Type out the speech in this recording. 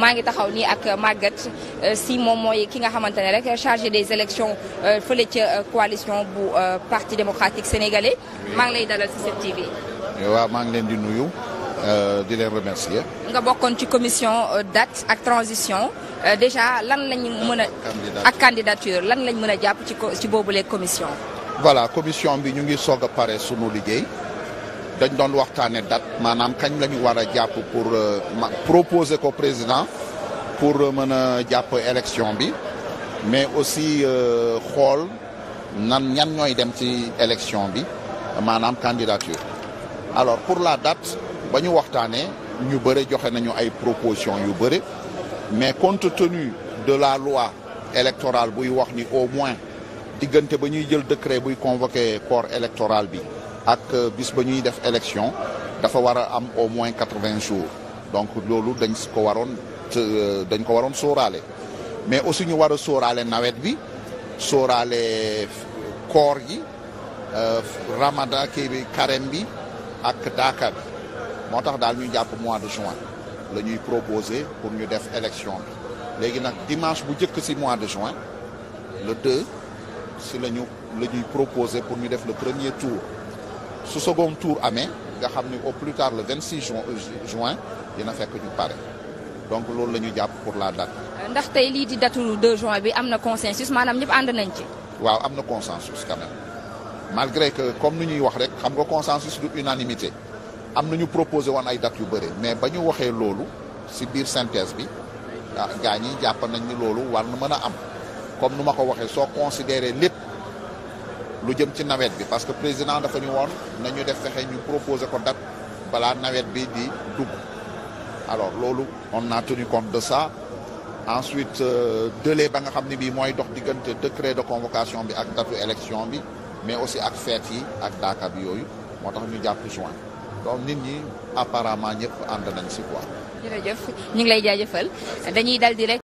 maa ngi taxaw nii ak euh, Maguette euh, si moom mooy ki nga xamante ne rek chargé des élections euh, fële ca coalition bu parti démocratique sénégalais maa ngi lay dalal ci 7TV. waaw maa ngi leen di nuyu di leen remercier. nga bokkoon ci commission date ak transition déjà lan lañu mën a. ak candidature lan lañ mën a jàpp ci boobu boobule commission. voilà commission bi ñu ngi soog a pare sunu liggéey. dañ doon waxtaane date maanaam kañ la ñu war a jàpp pour euh, proposer ko président pour euh, mën a jàpp élection bi mais aussi euh, xool nan ñan ñooy dem ci élection bi maanaam candidature alors pour la dat ba ñu waxtaanee ñu bëre joxe nañu ay proposition yu bëre mais compte tenu de la loi électorale buy wax ni au moins diggante ba ñuy jël décret buy convoqué corps électoral bi ak euh, bis ba ñuy def élection dafa war a am au moins quatre vingt jours donc loolu dañ ko waroon euh, dañ ko waroon sóoraale mais aussi ñu war a sóoraale nawet bi sooraale koor gi euh, ramadan kii bi carême bi ak daaka bi moo tax daal ñu jàpp mois de juin la ñuy proposer pour ñu def élection bi léegi nag dimanche bu njëkk ci mois de juin le 2 ci la ñu la ñuy proposer pour ñu def le premier tour su second tour amee nga xam ni au plus tard le 26 juin euh, juin dina fekk ñu pare donc loolu la ñu jàpp pour la date. ndax tey lii di datu 2 juin bi am na consensus maanaam ñëpp ànd nañ ci. waaw am na consensus quand même malgré que comme ni ñuy wax rek xam nga consensus du unanimité am na ñu proposé woon ay dates yu bëri mais ba ñu waxee loolu si biir synthèse bi ah gaa ñi jàpp nañ ni loolu war na mën a am comme nu ma ko waxee soo considéré lépp. lu jëm ci nawet bi parce que président dafa ñu woon ñu def fexe ñu proposer ko date balaa nawet bi di dugg alors loolu on a tenu compte de ça ensuite euh, délai ba nga xam ne bii mooy dox diggante décret de convocation bi ak datu élection bi mais aussi ak fête yi ak daaka bi yooyu moo tax ñu jàpp juin donc nit ñi apparemment ñëpp ànd nañ si quoi. jërëjëf lay jaajëfal dañuy dal di